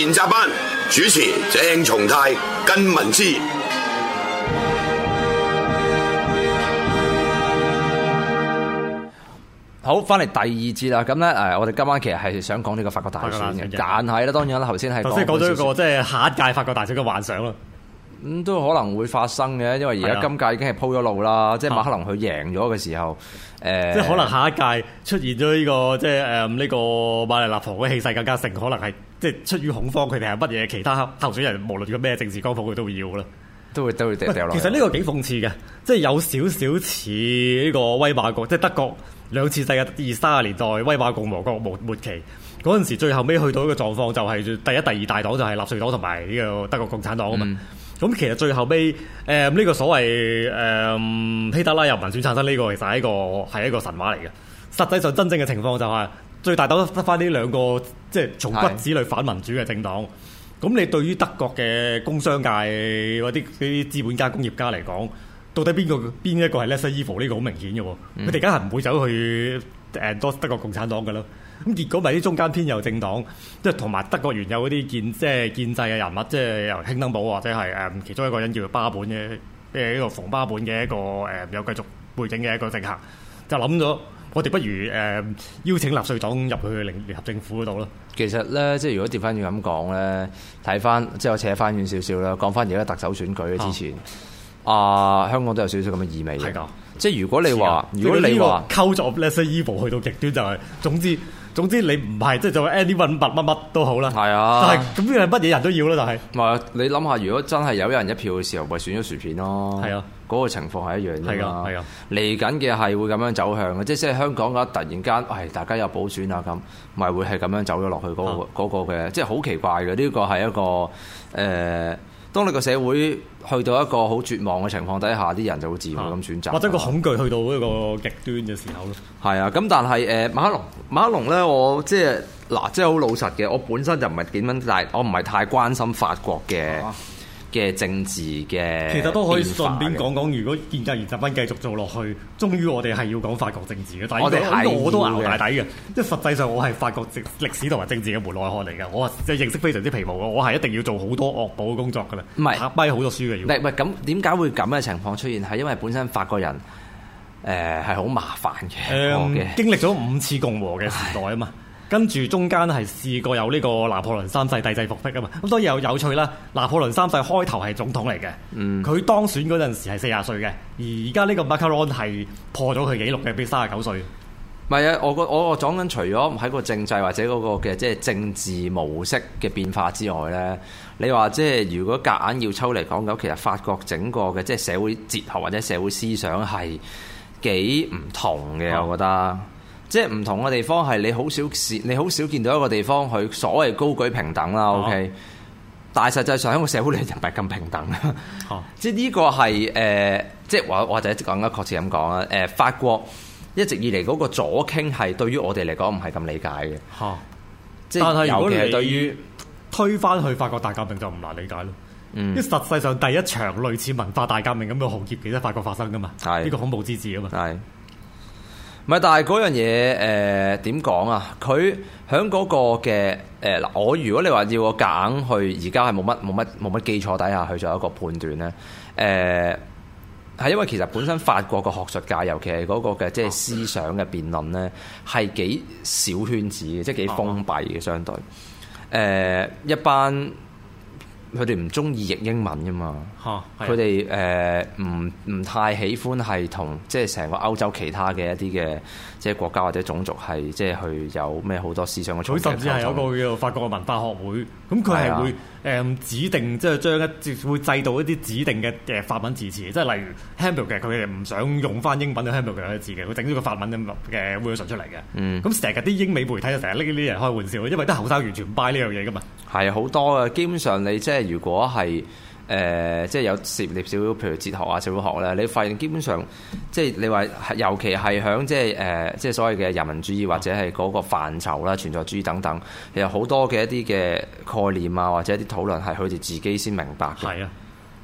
研習班主持鄭松泰、靳民知，好，翻嚟第二節啦。咁咧，誒，我哋今晚其實係想講呢個法國大選嘅，但係咧，當然啦，頭先係頭先講咗一個即係下一屆法國大選嘅是幻想啦。咁、嗯、都可能會發生嘅，因為而家今屆已經係鋪咗路啦。是的 即係馬克龍佢贏咗嘅時候，誒的，呃、即係可能下一屆出現咗呢、這個，即係誒呢個馬里納龐嘅氣勢更加盛，可能係。即係出於恐慌，佢哋係乜嘢其他候選人，無論佢咩政治光譜，佢都，都會要啦，都會都會掉掉落。其實呢個幾諷刺嘅，即係有少少似呢個威瑪國，即係德國兩次世界第二三十年代威瑪共和國末末期嗰陣時，最後尾去到一個狀況，就係第一第二大黨就係納粹黨同埋呢個德國共產黨啊嘛。咁，嗯，其實最後尾誒呢個所謂誒希特拉由民選產生呢個，其實係一個係一個神話嚟嘅。實際上真正嘅情況就係。最大都得翻呢兩個，即係從骨子裏反民主嘅政黨。咁你對於德國嘅工商界嗰啲啲資本家、工業家嚟講，到底邊個邊一個係 Lesser Evil，呢個好明顯嘅喎？佢哋而家係唔會走去誒多德國共產黨嘅咯。咁結果咪啲中間偏右政黨，即係同埋德國原有嗰啲建即係建制嘅人物，即係由興登堡或者係誒其中一個人叫做巴本嘅，即係呢個逢巴本嘅一個誒有家族背景嘅一個政客，就諗咗。我哋不如誒邀請納稅黨入去去聯合政府嗰度咯。其實咧，即係如果掉翻要咁講咧，睇翻即係我扯翻遠少少啦，講翻而家特首選舉之前，啊，啊香港都有少少咁嘅意味。係噶的，即係如果你話，的如果你話溝咗，lesser evil 去到極端就係、是，總之。 總之你唔係即係就話，anyone 乜乜乜都好啦，係啊，咁樣係乜嘢人都要啦，但係，咪你諗下，如果真係有一人一票嘅時候，咪選咗薯片咯。係啊，嗰個情況係一樣嘅。係啊，係噶，啊。嚟緊嘅係會咁樣走向嘅，即係香港啊！突然間，哎，大家有補選啊咁，咪會係咁樣走咗落去嗰，嗰個，啊，個嘅，即係好奇怪嘅呢個係一個誒。呃當你個社會去到一個好絕望嘅情況底下，啲人就會自然咁選擇、啊，或者個恐懼去到一個極端嘅時候咯。係啊，咁但係誒、呃，馬克龍，馬克龍咧，我即係嗱、啊，即係好老實嘅，我本身就唔係點樣，但係我唔係太關心法國嘅。啊嘅政治嘅，其實都可以順便講講， 如果建國研習班繼續做落去，終於我哋係要講法國政治嘅。但我哋喺我都熬大底嘅，即係 實際上我係法國歷史同埋政治嘅門外漢嚟嘅，我即係認識非常之皮毛嘅，我係一定要做好多惡補嘅工作噶啦，咪好多書嘅要。唔係咁，點解會咁嘅情況出現？係因為本身法國人誒係好麻煩嘅，嗯、的經歷咗五次共和嘅時代啊嘛。 跟住中間咧係試過有呢個拿破崙三世帝制復辟啊嘛，咁所以又有趣啦。拿破崙三世開頭係總統嚟嘅，佢、嗯、當選嗰陣時係四十歲嘅，而家呢個 Macron 係破咗佢紀錄嘅，俾卅九歲。唔係啊，我個我我講緊除咗喺個政制或者嗰、嗰個嘅即係政治模式嘅變化之外咧，你話即係如果夾硬要抽嚟講咁，其實法國整個嘅即係社會哲學或者社會思想係幾唔同嘅，嗯、我覺得。即係唔同嘅地方，係你好少見，你好少見到一個地方佢所謂高舉平等啦、啊，OK。但係實際上喺個社會裏面唔係咁平等 即、呃。即係呢個係誒，即係或者一直講嘅確切咁講啦。誒、呃，法國一直以嚟嗰個左傾係對於我哋嚟講唔係咁理解嘅。啊、即是 但係如果你係對於推返去法國大革命就唔難理解咯。即因為實際上第一場類似文化大革命咁嘅浩劫，其實法國發生噶嘛。係呢個恐怖之治啊嘛。係。唔係，但係嗰樣嘢，誒點講啊？佢喺嗰個嘅，誒、呃、嗱，我如果你話要我揀去，而家係冇乜冇乜冇乜基礎底下去做一個判斷咧，誒、呃、係因為其實本身法國嘅學術界，尤其係嗰個嘅即係思想嘅辯論咧，係幾小圈子嘅，即係幾封閉嘅，相對誒、呃、一班。佢哋唔中意譯英文㗎嘛？佢哋誒唔唔太喜歡係同即係成個歐洲其他嘅一啲嘅即係國家或者種族係即係去有咩好多思想嘅衝突。佢甚至係有個叫法國嘅文化學會，咁佢係會誒的、嗯、指定即係將一會製造一啲指定嘅嘅法文字詞，即係例如 handle 嘅，佢哋唔想用翻英文 handle 嘅字嘅，佢整咗個法文嘅嘅 version 出嚟嘅。咁成日啲英美媒體就成日拎啲人開玩笑，因為都後生完全唔 buy 呢樣嘢㗎嘛。係好多嘅，基本上你即係。即係如果係誒、呃，即係有涉獵少少，譬如哲學啊、社會學咧，你發現基本上，即係你話尤其係響即係誒，即係所謂嘅人民主義或者係嗰個範疇啦、存在主義等等，其實好多嘅一啲嘅概念啊，或者一啲討論係佢哋自己先明白。係啊，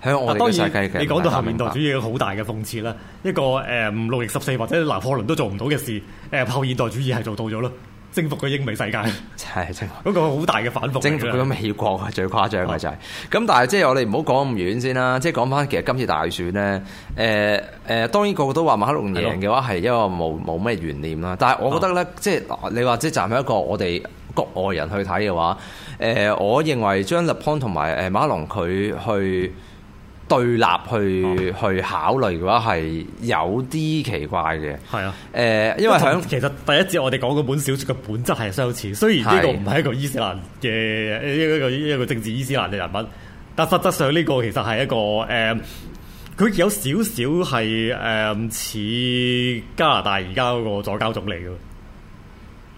響我哋世界當然，文化，你講到後現代主義有一個好大嘅諷刺啦，一個誒唔、呃、路易十四或者拿破崙都做唔到嘅事，誒、呃，後現代主義係做到咗啦。征服個英美世界，係征服嗰個好大嘅反覆。征服嗰個美國啊，國 最誇張嘅就係、是。咁但係即係我哋唔好講咁遠先啦。即係講翻其實今次大選咧，誒、呃、誒、呃、當然個個都話馬克龍贏嘅話係因為冇冇咩懸念啦。但係我覺得咧，哦、即係你話即係站喺一個我哋國外人去睇嘅話，誒、呃，我認為張立邦同埋誒馬克龍佢去，對立去去考慮嘅話係有啲奇怪嘅，係啊，誒，因為響其實第一節我哋講嗰本小説嘅本質係相似，雖然呢個唔係一個伊斯蘭嘅一個一個政治伊斯蘭嘅人物，但實質上呢個其實係一個誒，佢、嗯、有少少係誒唔似加拿大而家嗰個左膠總理嘅。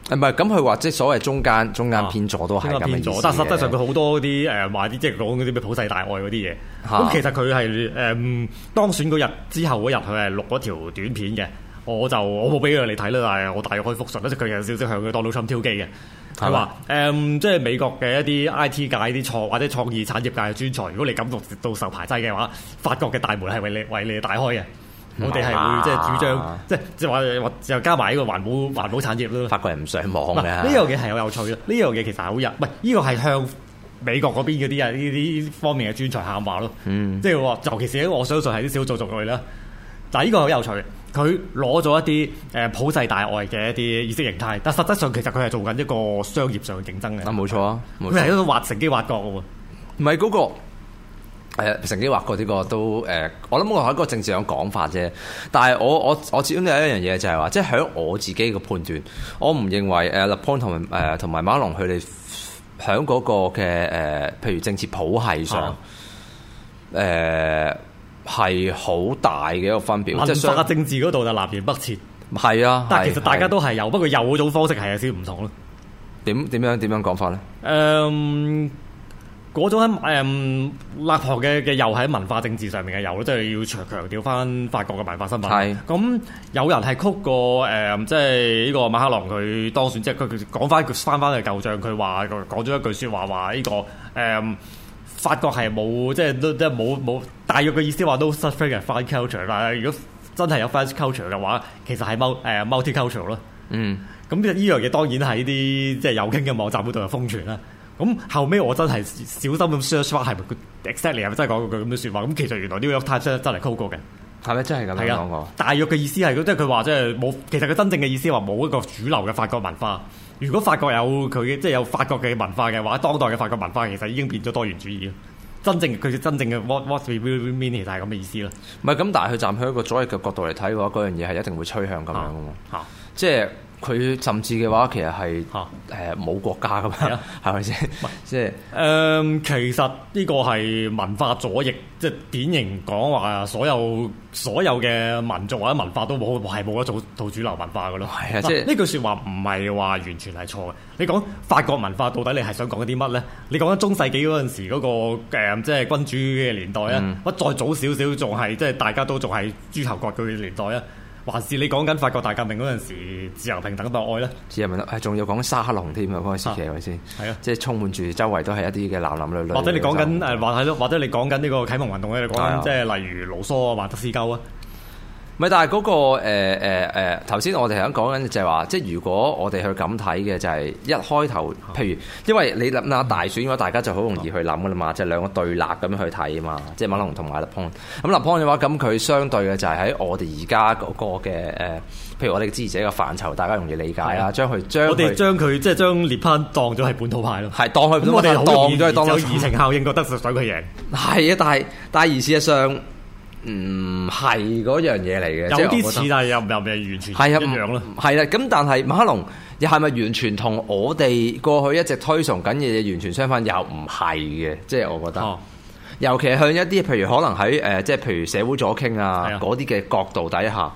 誒，唔係，咁佢話即係所謂中間，中間偏左都係咁樣，但係實際上佢好多嗰啲誒話啲，即係講嗰啲咩普世大愛嗰啲嘢。咁、啊、其實佢係誒當選嗰日之後嗰日，佢係錄咗條短片嘅。我就我冇俾佢你睇啦，但係我大約可以複述一啲，佢有少少向佢當勞侵挑機嘅，佢話誒，即係美國嘅一啲 IT 界啲創或者創意產業界嘅專才，如果你感覺到受排擠嘅話，法國嘅大門係為你為你打開嘅。我哋係會張、啊、即係主張，即係即係話又加埋呢個環保環保產業咯。法國人唔上網呢樣嘢係好有趣啊！呢樣嘢其實係好入，唔呢、這個係向美國嗰邊嗰啲啊呢啲方面嘅專才喊話咯。嗯、即係話，尤其是我相信係啲小眾族類啦。但係呢個好有趣，佢攞咗一啲誒普世大愛嘅一啲意識形態，但實質上其實佢係做緊一個商業上嘅競爭嘅。冇錯啊，唔係喺度乘機挖角啊，唔係嗰個。係啊、呃，成機話過呢個都誒、呃，我諗我係一個政治上講法啫。但係我我我始終都有一樣嘢就係、是、話，即係喺我自己嘅判斷，我唔認為誒勒龐同誒同埋馬克龍佢哋喺嗰個嘅誒、呃，譬如政治普系上誒係好大嘅一個分別。即係政治嗰度就南轅北轍，係是啊。但係其實大家都係有，有是啊、不過有嗰種方式係有少唔同咯。點點樣點樣講法咧？誒。 嗰種喺誒立學嘅嘅，又、嗯、喺文化政治上面嘅，又即係要強強調翻法國嘅文化身份。係咁，有人係曲過誒、嗯，即係呢個馬克龍佢當選，即係佢講翻翻翻嘅舊帳，佢話講咗一句説話說、這個，話呢個誒法國係冇，即係都即係冇冇大約嘅意思話 no such thing as French culture。但如果真係有 French culture 嘅話，其實係冇誒 multicultural 咯。嗯，咁呢依樣嘢當然喺啲即係右傾嘅網站嗰度又瘋傳啦。咁後尾我真係小心咁 search 返，係咪佢 exactly 係咪真係講過句咁嘅説話？咁其實原來呢個 state 真係 c o 溝過嘅，係咪真係咁樣講過？大約嘅意思係，即係佢話即係冇。其實佢真正嘅意思話冇一個主流嘅法國文化。如果法國有佢即係有法國嘅文化嘅話，或者當代嘅法國文化，其實已經變咗多元主義。真正佢真正嘅 what what do you mean？係咁嘅意思咯。唔係咁，但係佢站喺一個左翼嘅角度嚟睇嘅話，嗰樣嘢係一定會趨向咁樣嘅嘛。啊啊、即係。佢甚至嘅話，其實係誒冇國家咁樣，係咪先？即係誒， 其實呢個係文化左翼，即係典型講話所有所有嘅民族或者文化都冇，係冇一套主流文化嘅咯。係啊，即係呢句説話唔係話完全係錯嘅。你講法國文化到底你係想講啲乜咧？你講緊中世紀嗰陣時嗰個即係君主嘅年代啊，或、嗯、再早少少仲係即係大家都仲係諸侯國嘅年代啊？還是你講緊法國大革命嗰陣時自由平等博愛咧？自由平等，仲要講沙克龍添、那個、啊！嗰陣時嘅係咪先？係啊，即係充滿住，周圍都係一啲嘅男男女女。或者你講緊誒，話係咯，或者你講緊呢個啟蒙運動咧？講即係例如盧梭啊、孟德斯鳩啊。唔係，但係嗰、那個誒誒誒，頭、呃、先、呃呃、我哋想講緊就係話，即係如果我哋去咁睇嘅，就係一開頭，譬如因為你諗下大選嘅話，大家就好容易去諗噶啦嘛，即、就、係、是、兩個對立咁樣去睇啊嘛，即係馬龍同埋立邦。咁立邦嘅話，咁佢相對嘅就係喺我哋而家個嘅誒、呃，譬如我哋嘅支持者嘅範疇，大家容易理解啊。將佢將我哋將佢即係將列潘當咗係本土派咯，係當佢咁，我哋好易都當有熱情效應覺得實在佢贏。係啊，但係但係而事實上。唔係嗰樣嘢嚟嘅，有啲似，但係又唔係完全一樣咯。係啦、嗯，咁但係馬克龍又係咪完全同我哋過去一直推崇緊嘅嘢完全相反？又唔係嘅，即係我覺得。哦、尤其係向一啲譬如可能喺誒，即、呃、係譬如社會左傾啊嗰啲嘅角度底下誒。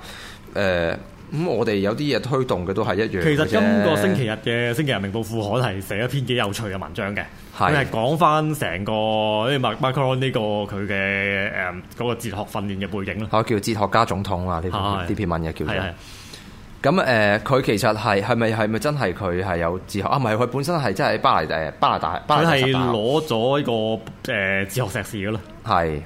呃咁我哋有啲嘢推動嘅都係一樣。其實今個星期日嘅星期日《明報副刊》係寫一篇幾有趣嘅文章嘅，係講翻成個 Macron 呢個佢嘅誒嗰個哲學訓練嘅背景啦。嚇，叫哲學家總統啊，呢篇呢篇文嘅叫做。咁誒，佢其實係係咪係咪真係佢係有哲學啊？唔係，佢本身係即係巴黎誒巴，黎巴，黎巴黎拿大，佢係攞咗呢個誒哲學碩士咯。係。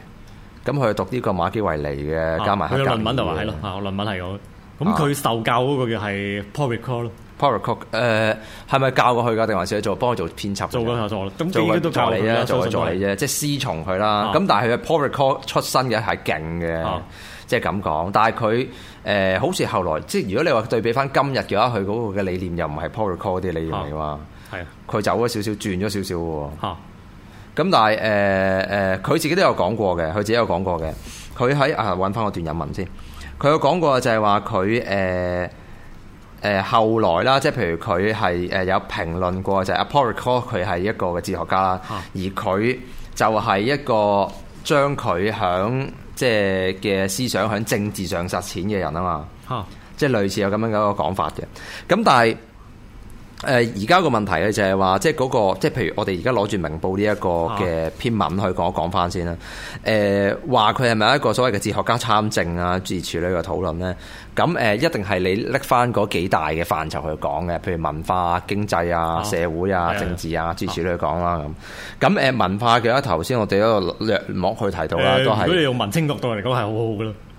咁佢讀呢個馬基維利嘅加埋佢論文就係咯，嚇，論文係咁。咁佢受教嗰個嘅係 Paul Ricoeur 咯 Paul Ricoeur 誒，係咪教過去噶，定還是做幫佢做編輯做咯，做咯，咁基本都教你啫，做嘅做你啫，即係師從佢啦。咁但係佢 Paul Ricoeur 出身嘅係勁嘅，即係咁講。但係佢誒，好似後來即係如果你話對比翻今日嘅話，佢嗰個嘅理念又唔係 Paul Ricoeur 啲理念嘅話，係佢走咗少少，轉咗少少嘅。咁但係誒誒，佢自己都有講過嘅，佢自己有講過嘅，佢喺啊，揾翻我段引文先。佢有講過就係話佢誒誒後來啦，即係譬如佢係誒有評論過就係 Apolliac，佢係一個嘅哲學家啦，啊、而佢就係一個將佢響即係嘅思想響政治上實踐嘅人啊嘛，即係類似有咁樣嘅一個講法嘅，咁但係。誒而家個問題咧就係、是、話，即係嗰、那個，即係譬如我哋而家攞住明報呢一個嘅篇文去講一講翻先啦。誒話佢係咪一個所謂嘅哲學家參政啊？諸如此類嘅討論咧。咁誒一定係你拎翻嗰幾大嘅範疇去講嘅，譬如文化、經濟啊、啊社會啊、啊政治啊，諸如此類去講啦咁。咁誒、啊啊、文化嘅話，頭先我哋嗰個略目去提到啦，都係是、呃、如果你用文清角度嚟講，係好好噶咯。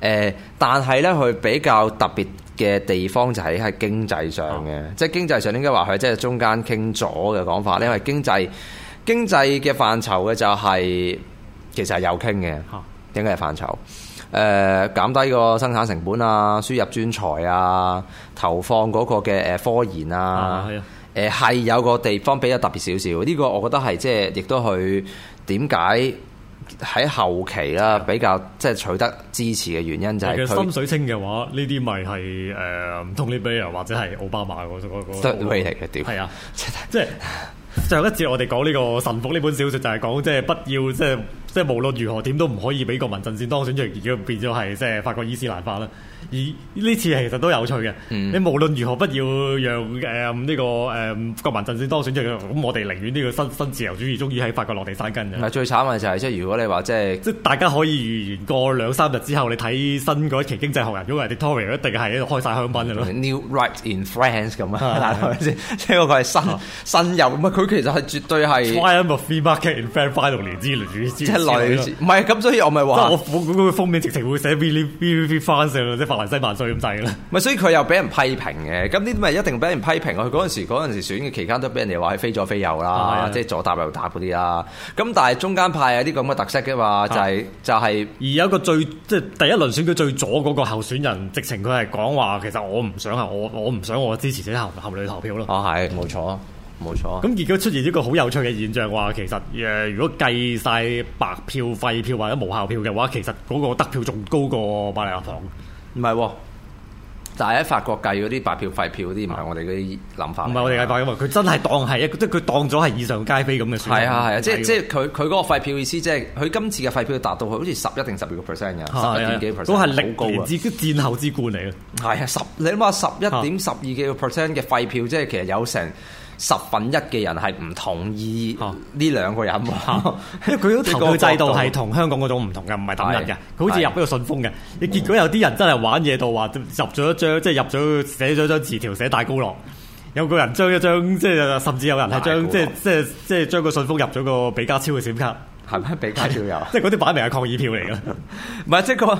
誒，但係呢，佢比較特別嘅地方就喺係經濟上嘅，啊、即係經濟上應該話佢即係中間傾咗嘅講法。因為經濟經濟嘅範疇嘅就係、是、其實係有傾嘅，啊、應該係範疇。誒、呃，減低個生產成本啊，輸入專才啊，投放嗰個嘅科研啊，誒係、呃、有個地方比較特別少少。呢、這個我覺得係即係亦都去點解？喺後期啦，比較即係取得支持嘅原因就係佢心水清嘅話，呢啲咪係誒唔通呢杯人或者係奧巴馬嗰嗰嗰個。strategy 嘅點。係 啊樂，即係最後一節我哋講呢個《神福》呢本小說，就係講即係不要即係即係無論如何點都唔可以俾國民陣線當選，就變咗變咗係即係法國伊斯蘭化啦。而呢次其實都有趣嘅，你無論如何不要讓誒呢個誒國民陣線當選咗，咁我哋寧願呢個新新自由主義終於喺法國落地生根嘅。唔係最慘嘅就係即係如果你話即係即係大家可以預言過兩三日之後，你睇新嗰期經濟學人嗰個 Tory 一定係喺度開曬香檳嘅咯。New Rights in France 咁啊，係咪即係佢係新新右，唔係佢其實係絕對係。free market in France，五六年之類嗰啲。即係類似，唔係咁，所以我咪話。我封面直情會寫係。南西北水咁滯啦，唔係，所以佢又俾人批評嘅。咁呢啲咪一定俾人批評。佢嗰陣時嗰陣時選嘅期間都俾人哋話係非左非右啦，啊、對對對即係左打右打嗰啲啦。咁但係中間派有啲咁嘅特色嘅話、就係對 就係，就係就係而有一個最即係第一輪選舉最左嗰個候選人，直情佢係講話其實我唔想係我我唔想我支持者後後裏投票咯。啊，係冇錯冇錯。咁結果出現一個好有趣嘅現象，話其實誒、呃，如果計晒白票廢票或者無效票嘅話，其實嗰個得票仲高過巴利亞房。唔係喎，但係喺法國計嗰啲白票廢票嗰啲，唔係我哋啲諗法。唔係我哋計法嘅嘛，佢、啊、真係當係一，即係佢當咗係以上皆非咁嘅算。係啊係啊，啊啊即係是、啊、即係佢佢嗰個廢票意思、就是，即係佢今次嘅廢票達到好似十一定十二個 percent 嘅，十一點幾 percent 都係歷年之戰後之冠嚟啊！係啊，十你諗下十一點十二幾個 percent 嘅廢票，即係其實有成十分一嘅人係唔同意呢兩個人喎，因為佢都投佢個制度係同香港嗰種唔同嘅，唔係等人嘅，佢是 好似入嗰個信封嘅。你是的 結果有啲人真係玩嘢到話入咗張，即係入咗寫咗張，張字條寫大高樂，有個人將一張即係甚至有人係將高即係即係即係將個信封入咗個比家超嘅閃卡。係咩？俾街票遊？ 即係嗰啲擺明係抗議票嚟嘅， 唔係即係、嗰個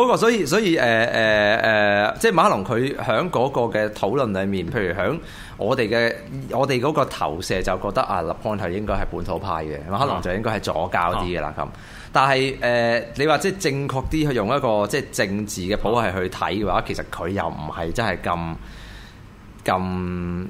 嗰、嗰個，所以所以誒誒誒，即係馬克龍佢喺嗰個嘅討論裡面，譬如喺我哋嘅我哋嗰個投射就覺得啊，Le Pen 係應該係本土派嘅，馬克龍就應該係左膠啲嘅啦咁。嗯、但係誒、呃，你話即係正確啲去用一個即係政治嘅譜系去睇嘅話，嗯、其實佢又唔係真係咁咁。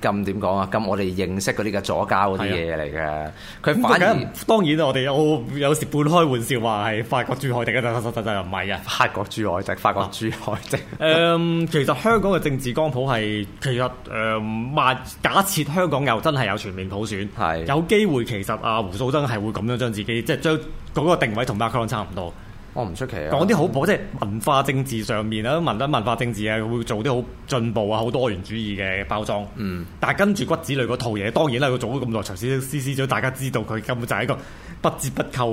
咁點講啊？咁我哋認識嗰啲嘅左膠嗰啲嘢嚟嘅，佢反而當然啊！然我哋我有時半開玩笑話係法國珠海地啊，就唔係啊！法國珠海地，法國珠海地、嗯。誒， 其實香港嘅政治光譜係其實誒、呃，假設香港又真係有全面普選，係是的 有機會其實阿胡素珍係會咁樣將自己即係將嗰個定位同馬卡朗差唔多。我唔出奇啊！講啲好即係文化政治上面啦，文文文化政治啊，會做啲好進步啊，好多元主義嘅包裝。嗯，但係跟住骨子裏嗰套嘢，當然啦，佢做咗咁耐長，先先咗大家知道佢根本就係一個不折不扣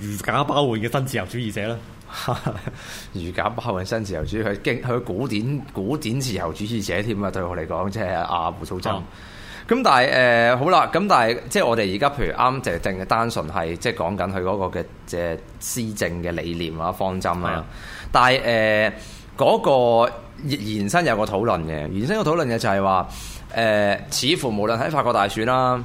如假包換嘅新自由主義者啦。 如假包換新自由主義，佢經佢古典古典自由主義者添、就是、啊！對我嚟講，即係阿胡素珍。咁、嗯、但係誒、呃、好啦，咁但係即係我哋而家譬如啱正正單純係即係講緊佢嗰個嘅即施政嘅理念啊方針啊，嗯、但係誒嗰個延伸有個討論嘅，延伸個討論嘅就係話誒，似乎無論喺法國大選啦、啊，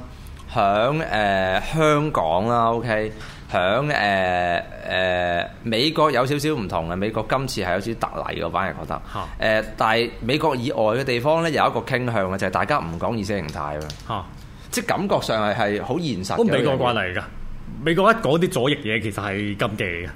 響誒、呃、香港啦、啊、OK。喺誒誒美國有少少唔同嘅，美國今次係有少特例，嘅，我反而覺得。嚇哈！誒、呃，但係美國以外嘅地方咧，有一個傾向嘅，就係、是、大家唔講意識形態啦。嚇哈！即係感覺上係係好現實。美國慣例嚟㗎，美國一講啲左翼嘢，其實係禁忌嘅。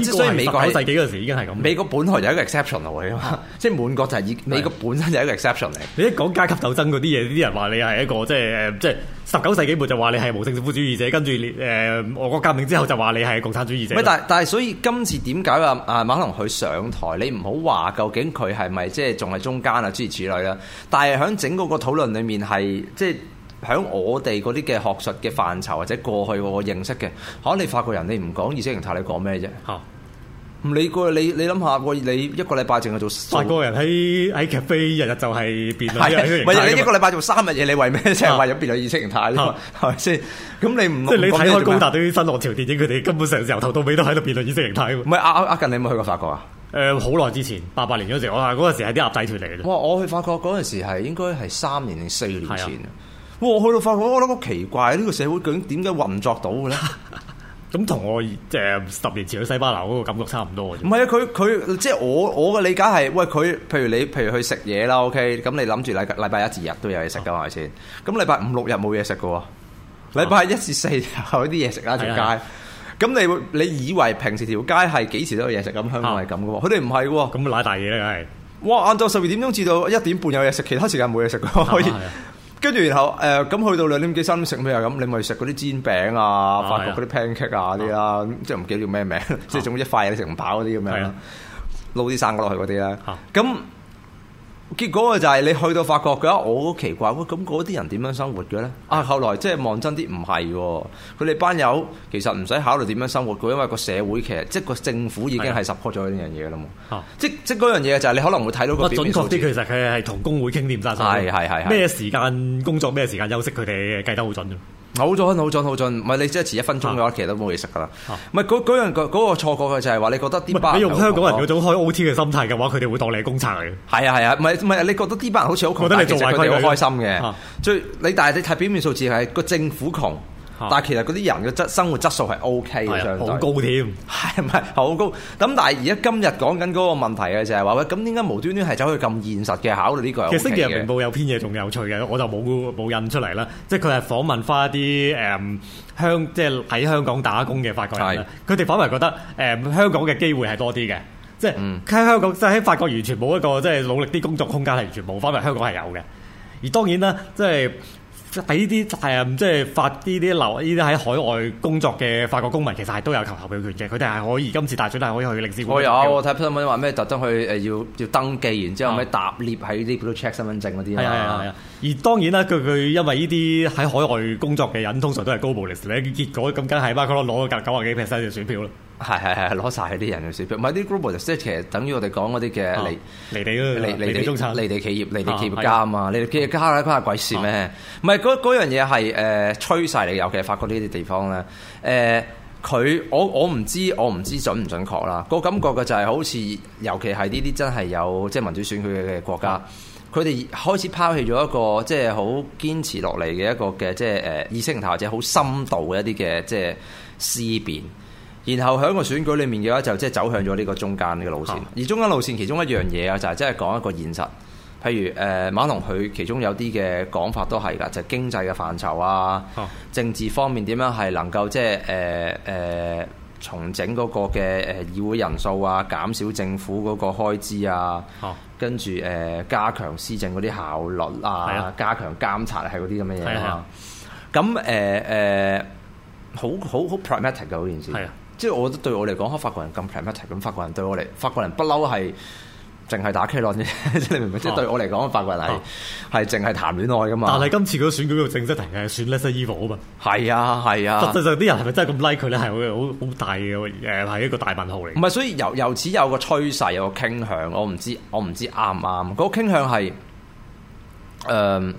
即係所以美國喺世紀嗰時已經係咁，美國本來就係一個 exception 嚟咁嘛， 即係滿國就係以美國本身就係一個 exception 嚟。對 你一講階級鬥爭嗰啲嘢，啲人話你係一個即係誒，即係十九世紀末就話你係無政府主義者，跟住誒俄國革命之後就話你係共產主義者。但係但係所以今次點解啊啊馬克龍佢上台，你唔好話究竟佢係咪即係仲係中間啊諸如此類啦。但係喺整個個討論裡面係即係。喺我哋嗰啲嘅學術嘅範疇，或者過去我認識嘅嚇、啊，你法國人你唔講意識形態，你講咩啫嚇？唔、啊、理過你你諗下，我你一個禮拜凈係做法國人喺喺咖啡日日就係辯論，係咪？你一個禮拜做、啊、做三日嘢，你為咩即係為咗辯論意識形態咧？係咪先？咁你唔你睇開高達啲新浪潮電影，佢哋根本上由頭到尾都喺度辯論意識形態。唔係壓壓近你有冇去過法國啊？誒、呃，好耐之前，八八年嗰陣，我係嗰陣時係啲鴨仔團嚟嘅。哇！我去法國嗰陣時係應該係三年定四年前。我去到發覺，我諗好奇怪，呢、個社會究竟點解運作到嘅咧？咁同 我即係十年前去西班牙嗰個感覺差唔多。唔係啊，佢佢即係我我嘅理解係：喂，佢譬如你譬如去食嘢啦，OK，咁、嗯、你諗住禮禮拜一至日都有嘢食嘅嘛？係咪先？咁、啊、禮拜五六日冇嘢食嘅喎，禮拜一至四有啲嘢食啦條街。咁你、啊、你以為平時條街係幾時都有嘢食？咁香港係咁嘅喎，佢哋唔係喎。咁拉、啊、大嘢啦，係。哇！晏晝十二點鐘至到一點半有嘢食，其他時間冇嘢食嘅可以。跟住然後誒咁、呃、去到兩點幾三食咩啊？咁你咪食嗰啲煎餅啊、法國嗰啲 pancake 啊啲啦、啊啊啊，即係唔記得叫咩名，即係、啊、 總之一塊嘢都食唔飽嗰啲咁樣啦，撈啲生果落去嗰啲啦，咁、啊。啊結果就係你去到法國嘅，我好奇怪喎，咁嗰啲人點樣生活嘅咧？是的 啊，後來即係望真啲，唔係喎，佢哋班友其實唔使考慮點樣生活，佢，因為個社會其實即係個政府已經係 support 咗呢樣嘢啦嘛。即即嗰樣嘢就係你可能會睇到個、啊。不準確啲，其實佢係同工會傾掂晒晒。係係。咩時間工作咩時間休息，佢哋計得好準好盡好盡好盡，唔係你即係遲一分鐘嘅話，啊、其實都冇嘢食噶啦。唔係嗰嗰樣嗰嗰個錯、那個、過嘅就係話你、啊啊，你覺得啲班，你用香港人嗰種開 O T 嘅心態嘅話，佢哋會當你係公差嚟。係啊係啊，唔係唔係，你覺得啲班人好似好窮，覺得你做壞佢哋開心嘅。最、啊、你但係你睇表面數字係個政府窮。但係其實嗰啲人嘅質生活質素係 OK 嘅，相對好高添。係唔係好高？咁但係而家今日講緊嗰個問題嘅就係話喂，咁點解無端端係走去咁現實嘅考慮呢個？其實《星期日明報》有篇嘢仲有趣嘅，我就冇冇印出嚟啦。即係佢係訪問返一啲誒香，即係喺香港打工嘅法國人啦。佢哋反而覺得誒香港嘅機會係多啲嘅，即係喺香港即係喺法國完全冇一個即係努力啲工作空間係完全冇，反而香港係有嘅。而當然啦，即係。俾啲係啊，即係發呢啲留呢啲喺海外工作嘅法國公民，其實係都有投投票權嘅。佢哋係可以今次大選，係可以去領事館。我有我睇新聞話咩？特登去誒要要登記，然之後咩搭、啊、列喺啲表度 check 身份證嗰啲啊。係啊係啊。而當然啦，佢佢因為呢啲喺海外工作嘅人，通常都係高暴力，結果咁梗係馬克龍攞咗九十幾 percent 嘅選票啦。係係係，攞曬啲人嘅選票，唔係啲 group，即係其實等於我哋講嗰啲嘅離、啊、離地嗰個離地中產、離地企業、離地企業家啊嘛，啊離地企業家關佢鬼事咩？唔係嗰樣嘢係誒吹晒嚟，尤其係法國呢啲地方咧。誒、呃，佢我我唔知我唔知準唔準確啦。個感覺嘅就係好似，尤其係呢啲真係有即係民主選舉嘅國家，佢哋、啊、開始拋棄咗一個即係好堅持落嚟嘅一個嘅即係誒意識形態或者好深度嘅一啲嘅即係思辨。然後喺個選舉裏面嘅話，就即係走向咗呢個中間呢個路線。而中間路線其中一樣嘢啊，就係即係講一個現實。譬如誒馬龍佢其中有啲嘅講法都係㗎，就係經濟嘅範疇啊，政治方面點樣係能夠即係誒誒重整嗰個嘅誒議會人數啊，減少政府嗰個開支啊，跟住誒加強施政嗰啲效率啊，加強監察係嗰啲咁嘅嘢。咁誒誒好好好 practical 㗎嗰件事。即係我覺得對我嚟講，法國人咁 p l a 咁，法國人對我嚟，法國人不嬲係淨係打 K 咯啫，你明唔明？即 係對我嚟講，法國人係係淨係談戀愛噶嘛。但係今次佢選舉嘅正式題係選 Lesser Evil 啊嘛。係啊，係啊。實際上啲人係咪真係咁 like 佢咧？係好好好大嘅誒，係一個大問號嚟。唔係，所以由由此有個趨勢，有個傾向，我唔知我唔知啱唔啱。嗰、那個傾向係誒。呃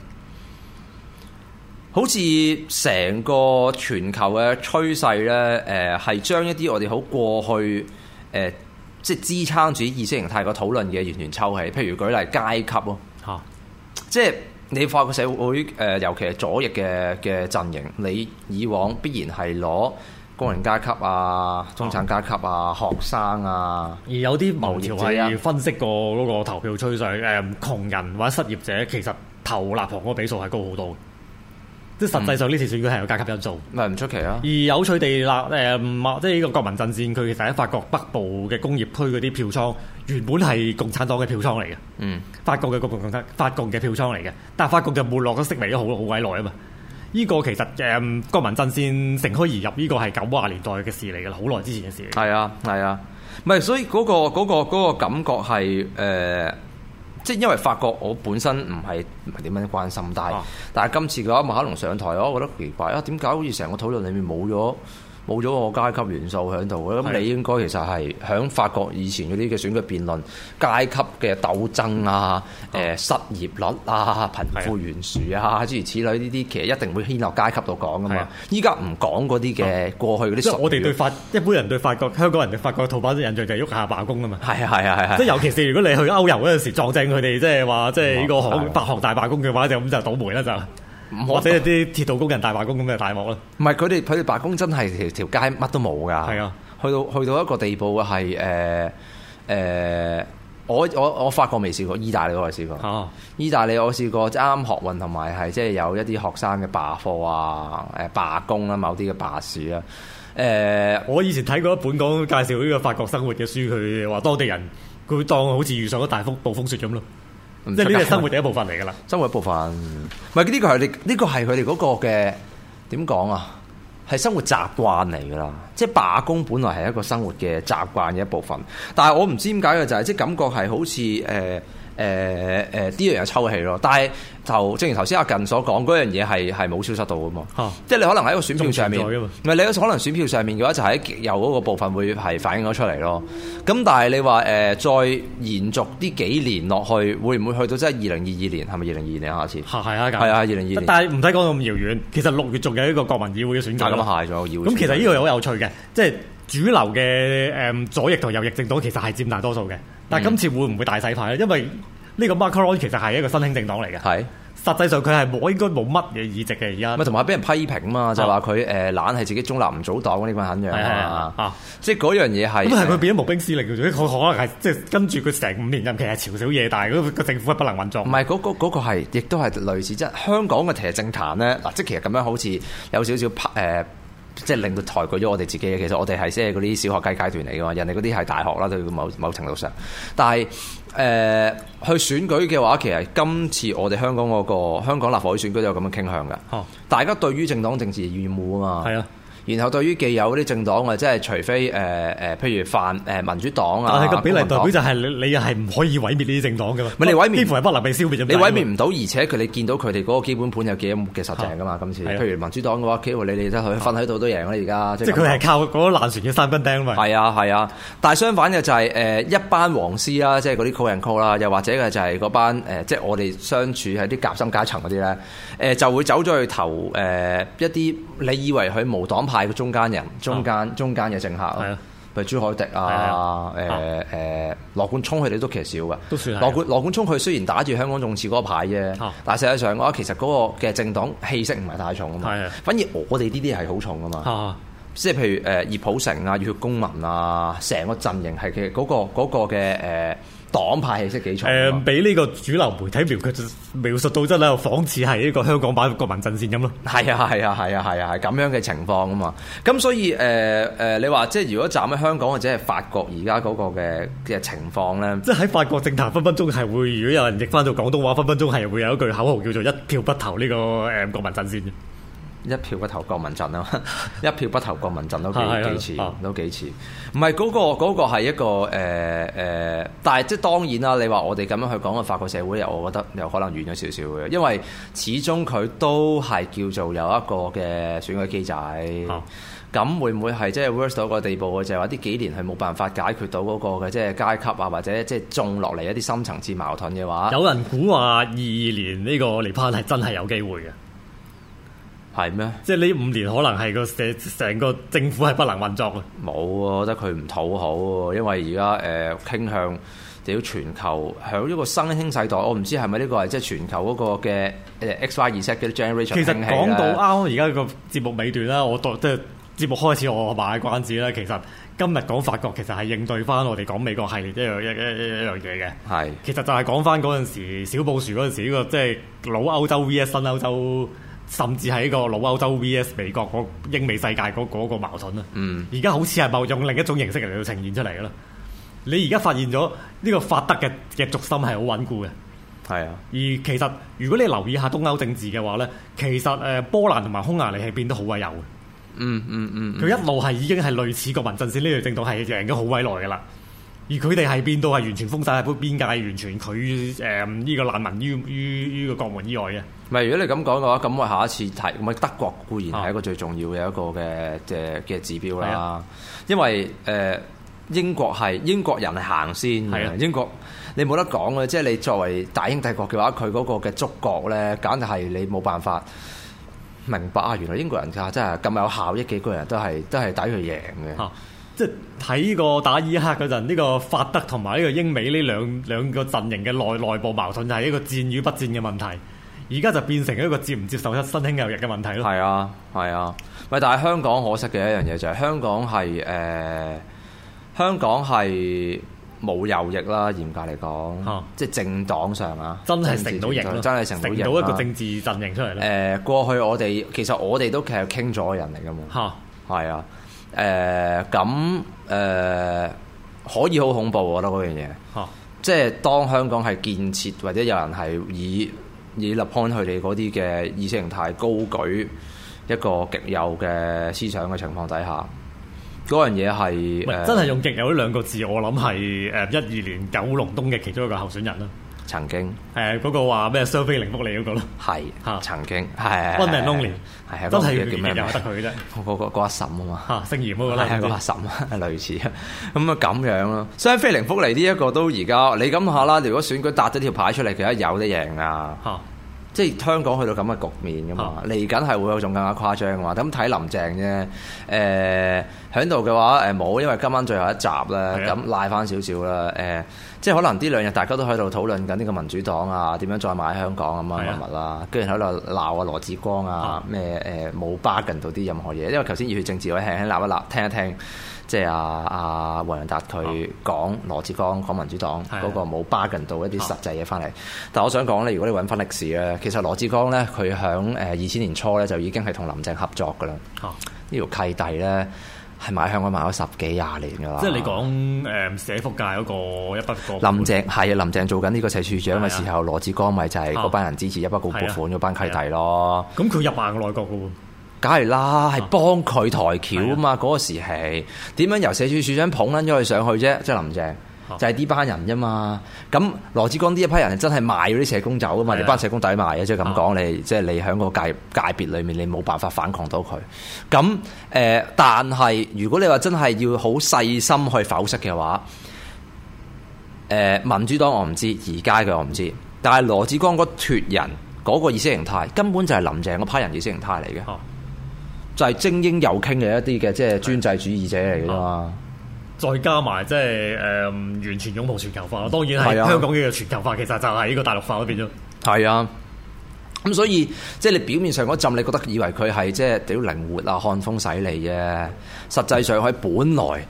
好似成個全球嘅趨勢呢，誒、呃、係將一啲我哋好過去誒、呃，即係支撐住意識形態個討論嘅源泉抽起。譬如舉例階級咯，嚇、啊，即係你法國社會誒，尤其係左翼嘅嘅陣營，你以往必然係攞工人階級啊、中產階級啊、啊學生啊，而有啲民調分析過嗰個投票趨勢，誒、啊嗯、窮人或者失業者其實投立行嗰個比數係高好多嘅。即係實際上呢次選舉係有階級因素，唔係唔出奇啊。而有趣地啦，誒、嗯，即係呢個國民陣線，佢其實喺法國北部嘅工業區嗰啲票倉，原本係共產黨嘅票倉嚟嘅。嗯，法國嘅共共產，法共嘅票倉嚟嘅。但係法國嘅沒落都式微咗好好鬼耐啊嘛。呢、這個其實誒、嗯、國民陣線乘虛而入，呢個係九十年代嘅事嚟㗎啦，好耐之前嘅事、嗯。嚟係啊，係啊，唔係所以嗰、那個嗰、那個那個那個、感覺係誒。呃即係因為發覺我本身唔係唔係點樣關心，但係、啊、但係今次嘅話，馬克龍上台，我覺得奇怪啊，點解好似成個討論裡面冇咗？冇咗個階級元素喺度，咁你應該其實係響法國以前嗰啲嘅選舉辯論、階級嘅鬥爭啊、誒、呃、失業率啊、貧富懸殊啊，諸如此類呢啲，其實一定會牽落階級度講㗎嘛。依家唔講嗰啲嘅過去嗰啲、嗯。我哋對法、嗯、一般人對法國香港人對法國土包啲印象就係喐下罷工㗎嘛。係啊係啊係啊！啊啊即係尤其是如果你去歐遊嗰陣時撞正佢哋，即係話即係呢個法百大罷工嘅話，就咁就倒霉啦就。我或者係啲鐵道工人大罷工咁嘅大幕咯，唔係佢哋佢哋罷工真係條條街乜都冇噶。係啊，去到去到一個地步係誒誒，我我我法國未試過，意大利我係試過。哦，意大利我試過，即啱、啊、學運同埋係即係有一啲學生嘅罷課啊、誒罷工啦、某啲嘅罷市啊。誒、呃，我以前睇過一本講介紹呢個法國生活嘅書，佢話當地人佢當好似遇上咗大風暴風雪咁咯。即係呢個生活第一部分嚟㗎啦，生活一部分，唔係呢個係你呢個係佢哋嗰個嘅點講啊，係生活習慣嚟㗎啦。即係罷工本來係一個生活嘅習慣嘅一部分，但係我唔知點解嘅就係即係感覺係好似誒。呃誒誒，呢樣嘢抽氣咯，但係就正如頭先阿近所講，嗰樣嘢係係冇消失到㗎嘛，啊、即係你可能喺一個選票上面，唔係你可能選票上面嘅話，就喺右嗰個部分會係反映咗出嚟咯。咁但係你話誒、呃，再延續啲幾年落去，會唔會去到真係二零二二年？係咪二零二二年下次？嚇係啊，係啊，二零二二年。但係唔使講到咁遙遠，其實六月仲有一個國民議會嘅選舉咁，係仲有議會。咁其實呢個又好有趣嘅，即係。主流嘅誒左翼同右翼政黨其實係佔大多數嘅，但係今次會唔會大洗牌咧？因為呢個 Macron 其實係一個新興政黨嚟嘅，係是 實際上佢係冇應該冇乜嘢議席嘅而家。咁同埋俾人批評啊嘛，啊就係話佢誒懶係自己中立唔組黨呢個肯樣即係嗰樣嘢係咁係佢變咗無兵司令，佢可能係即係跟住佢成五年任期係朝小野大，嗰個政府係不能運作。唔係嗰個嗰個係，亦都係類似啫。香港嘅其實政壇咧，嗱即係其實咁樣好似有少少誒。呃呃呃呃即係令到抬舉咗我哋自己嘅。其實我哋係即係嗰啲小學階階段嚟嘅嘛，人哋嗰啲係大學啦，對某某程度上，但係誒、呃、去選舉嘅話，其實今次我哋香港嗰、嗰個香港立法會選舉都有咁嘅傾向㗎，哦、大家對於政黨政治厭惡啊嘛。係啊。然後對於既有嗰啲政黨啊，即係除非誒誒、呃，譬如泛誒民主黨啊，但係個比例代表就係你你係唔可以毀滅呢啲政黨㗎嘛？你毀滅幾乎係不能被消滅嘅，你毀滅唔到，而且佢你見到佢哋嗰個基本盤有幾咁實淨㗎嘛？啊、今次、啊、譬如民主黨嘅話，幾乎你哋都去瞓喺度都贏啦而家。啊、即係佢係靠嗰啲爛船嘅三分釘咪。係啊係啊，啊，但係相反嘅就係、是、誒一班黃絲啦，即係嗰啲 call and call 啦，又或者就係嗰班誒，即係我哋相處喺啲夾心階層嗰啲咧，誒就會走咗去投誒、呃、一啲你以為佢無黨派。派個中間人、中間，啊、中間嘅政客，譬、啊、如朱凱迪啊、誒、啊、誒、呃呃、羅冠聰，佢哋都其實少嘅。羅冠羅冠聰佢雖然打住香港眾志嗰個牌啫，啊、但係實際上嘅話，其實嗰個嘅政黨氣息唔係太重啊嘛。反而我哋呢啲係好重啊嘛。即係、啊、譬如誒、呃、葉普成啊、雨血公民啊，成、嗯、個陣營係其實嗰個嘅誒。嗰個嗰個嗰個黨派氣息幾重？誒，俾呢個主流媒體描描述到真係仿似係一個香港版國民陣線咁咯。係啊，係啊，係啊，係啊，係咁、啊、樣嘅情況啊嘛。咁所以誒誒、呃呃，你話即係如果站喺香港或者係法國而家嗰個嘅嘅情況咧，即係喺法國政壇分分鐘係會，如果有人譯翻到廣東話，分分鐘係會有一句口號叫做一票不投呢、呢個誒國民陣線。一票不投國民陣咯， 一票不投國民陣都幾，的幾次，啊、都幾次。唔係嗰個嗰、那個係一個誒誒、呃呃，但係即係當然啦。你話我哋咁樣去講個法國社會，又我覺得又可能遠咗少少嘅，因為始終佢都係叫做有一個嘅選舉機制。咁、啊、會唔會係即係 worst 到一個地步嘅，就係話呢幾年係冇辦法解決到嗰、那個嘅即係階級啊，或者即係種落嚟一啲深層次矛盾嘅話？有人估話二二年呢個 Le Pen 係真係有機會嘅。係咩？即係呢五年可能係個成成個政府係不能運作嘅。冇啊，我覺得佢唔討好喎、啊，因為而家誒傾向就要全球響一個新興世代，我唔知係咪呢個係即係全球嗰個嘅 X Y Z 嘅 generation。其實講到啱，而家個節目尾段啦，我當即係節目開始我賣關子啦。其實今日講法國，其實係應對翻我哋講美國系列一樣一一樣嘢嘅。係，是的 其實就係講翻嗰陣時小布殊嗰陣時呢個即係老歐洲 V S 新歐洲。甚至喺個老歐洲 VS 美國英美世界嗰個矛盾啊，而家、嗯、好似係冒用另一種形式嚟到呈現出嚟噶啦。你而家發現咗呢個法德嘅嘅軸心係好穩固嘅，係是啊。而其實如果你留意下東歐政治嘅話咧，其實誒波蘭同埋匈牙利係變得好鬼有。嘅、嗯，嗯嗯嗯。佢、嗯、一路係已經係類似國民陣線個民進黨呢類政黨係贏咗好鬼耐噶啦。而佢哋係變到係完全封晒，係杯邊界，完全佢誒呢個難民於於於個國門以外嘅。唔係，如果你咁講嘅話，咁我下一次提，咁啊，德國固然係一個最重要嘅一個嘅嘅嘅指標啦。啊、因為誒、呃、英國係英國人行先，是的 英國你冇得講嘅，即係你作為大英帝國嘅話，佢嗰個嘅觸角咧，簡直係你冇辦法明白啊！原來英國人真係咁有效益嘅，幾個人都係都係抵佢贏嘅。啊即係睇個打伊拉克嗰陣，呢、呢個法德同埋呢個英美呢兩兩個陣營嘅內內部矛盾就係一個戰與不戰嘅問題。而家就變成一個接唔接受得新興右翼嘅問題咯。係啊，係啊。喂，但係香港可惜嘅一樣嘢就係香港係誒、呃、香港係冇右翼啦，嚴格嚟講，啊、即係政黨上啊，真係成到型，真係成到一個政治陣營出嚟咧。誒、啊，過去我哋其實我哋都其實傾咗嘅人嚟㗎嘛，係啊。誒，咁，誒可以好恐怖，我覺得嗰樣嘢，啊、即係當香港係建設或者有人係以以立康佢哋嗰啲嘅意識形態高舉一個極右嘅思想嘅情況底下，嗰樣嘢係，呃、真係用極右呢兩個字，我諗係誒一二年九龍東嘅其中一個候選人啦。曾經係嗰、欸那個話咩雙飛零福利嗰個咯，係曾經係 running 係都係叫咩麼得佢嘅嗰個嗰阿嬸啊嘛星爺嗰個啦係個阿嬸啊，那個、個類似咁啊咁樣咯，雙飛零福利呢一個都而家你諗下啦，如果選舉搭咗條牌出嚟，其實有得贏啊,啊即係香港去到咁嘅局面噶嘛，嚟緊係會有仲更加誇張嘅話，咁睇林鄭啫，誒響度嘅話誒冇，因為今晚最後一集啦，咁賴翻少少啦，誒。即係可能呢兩日，大家都喺度討論緊呢個民主黨啊，點樣再買香港咁樣物物啦，居然喺度鬧啊羅致光啊咩誒冇 bargain 到啲任何嘢，因為頭先熱血政治我輕輕鬧一鬧，聽一聽，即係啊，阿黃洋達佢講、啊、羅致光講民主黨嗰、啊、個冇 bargain 到一啲實際嘢翻嚟。但係我想講咧，如果你揾翻歷史咧，其實羅致光咧佢響誒二千年初咧就已經係同林鄭合作㗎啦。啊、條呢條契弟咧。係買香港買咗十幾廿年噶啦，即係你講誒社福界嗰個一筆過，林鄭係啊，林鄭做緊呢個社署長嘅時候，羅致光咪就係嗰班人支持一筆過撥款嗰班契弟咯。咁佢入行個內閣噶喎，梗係啦，係幫佢抬轎啊嘛。嗰個時係點樣由社署署長捧捻咗佢上去啫？即係林鄭。就係呢班人啫嘛，咁羅致光呢一批人係真係賣嗰啲社工走啊嘛，的你班社工抵賣啊，即係咁講你，即係你喺個界界別裏面，你冇辦法反抗到佢。咁誒、呃，但係如果你話真係要好細心去剖析嘅話，誒、呃，民主黨我唔知，而家嘅我唔知，但係羅致光嗰脱人嗰個意識形態，根本就係林鄭嗰批人意識形態嚟嘅、嗯，就係精英右傾嘅一啲嘅即係專制主義者嚟嘅嘛。嗯嗯嗯嗯再加埋即係誒、呃，完全擁抱全球化，當然係香港嘅全球化，是啊、其實就係呢個大陸化嗰邊係啊，咁是、啊、所以即係你表面上嗰陣，你覺得以為佢係即係屌靈活啊，看風使利啫。實際上佢本來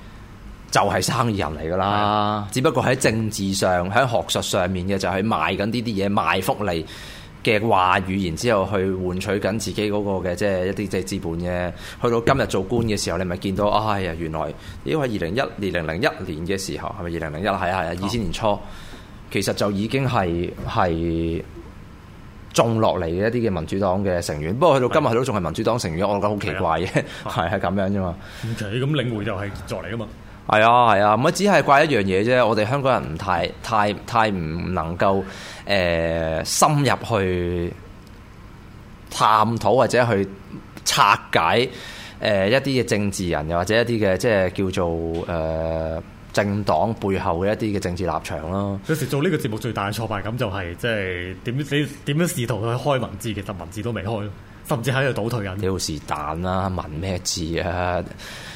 就係生意人嚟噶啦，是啊、只不過喺政治上、喺學術上面嘅就係賣緊呢啲嘢，賣福利。嘅話語，然之後去換取緊自己嗰個嘅即係一啲即係資本嘅，去到今日做官嘅時候，你咪見到，唉、哎呀，原來因為二零一二零零一年嘅時候，係咪二零零一啦？係啊係啊，二千、啊、年初其實就已經係係種落嚟嘅一啲嘅民主黨嘅成員。不過去到今日都仲係民主黨成員，我覺得好奇怪嘅，係係咁樣啫嘛。O K，咁領匯就係作嚟噶嘛。係啊，係啊，唔啊只係怪一樣嘢啫。我哋香港人唔太、太、太唔能夠誒、呃、深入去探討或者去拆解誒、呃、一啲嘅政治人，又或者一啲嘅即係叫做誒、呃、政黨背後嘅一啲嘅政治立場咯。有時做呢個節目最大嘅挫敗感就係、是、即係點？你點樣試圖去開文字，其實文字都未開咯。甚至喺度倒退緊，屌是蛋啦！問咩字啊？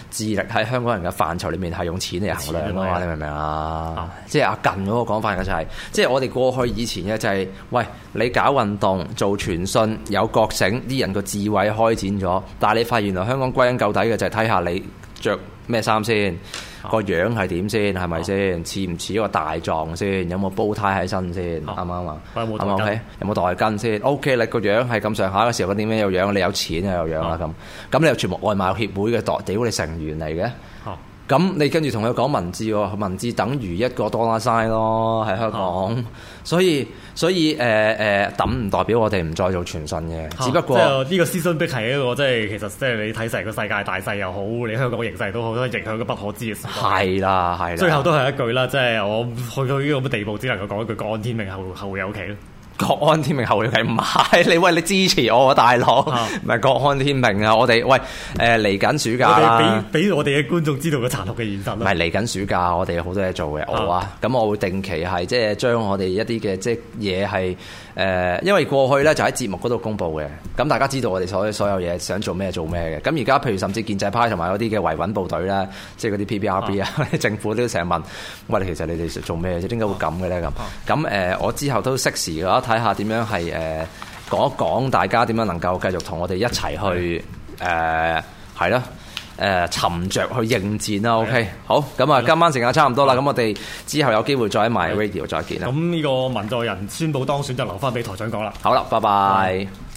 智力喺香港人嘅範疇裏面係用錢嚟衡量嘅、啊、你明唔明啊？即係阿近嗰個講法嘅就係、是，即係我哋過去以前咧就係、是，喂，你搞運動、做傳訊、有覺醒啲人個智慧開展咗，但係你發現原來香港歸根究底嘅就係睇下你着咩衫先。個樣係點先？係咪先？似唔似一個大狀先？有冇煲呔喺身先？啱啱啊？嗯、啊有冇代根？啊 okay? 有冇代根先？OK，你個樣係咁上下嘅時候，咁點樣有樣？你有錢啊，有樣啊咁。咁你又全部外貌協會嘅代表，點你成員嚟嘅？咁你跟住同佢講文字喎，文字等於一個 dollar sign 咯，喺香港，啊、所以所以誒誒等唔代表我哋唔再做傳訊嘅，只不過呢、啊、個師生逼係一個即係其實即係你睇成個世界大勢又好，你香港形勢都好都影響嘅不可知嘅。係啦，係。最後都係一句啦，即係的我去到呢個咁嘅地步，只能夠講一句：乾天命後後有期咯。國安天命後來係唔係你喂？你支持我大啊大佬！唔係 國安天命啊！我哋喂，誒嚟緊暑假啦，俾俾我哋嘅觀眾知道個殘酷嘅現實唔係，嚟緊暑假，我哋有好多嘢做嘅，我啊，咁我會定期係即係將我哋一啲嘅即係嘢係。誒，因為過去咧就喺節目嗰度公佈嘅，咁大家知道我哋所所有嘢想做咩做咩嘅。咁而家譬如甚至建制派同埋嗰啲嘅維穩部隊咧，即係嗰啲 PBRB 啊， 政府都成日問，喂，其實你哋做咩啫？點解會咁嘅咧？咁咁誒，我之後都適時嘅話，睇下點樣係誒、呃、講一講，大家點樣能夠繼續同我哋一齊去誒，係咯、嗯。呃誒、呃、沉着去應戰啦，OK。是的 好，咁啊，今晚時間差唔多啦，咁是的 我哋之後有機會再喺 My Radio 是的 再見啦。咁呢個文在寅宣佈當選，就留翻俾台長講啦。好啦，拜拜。嗯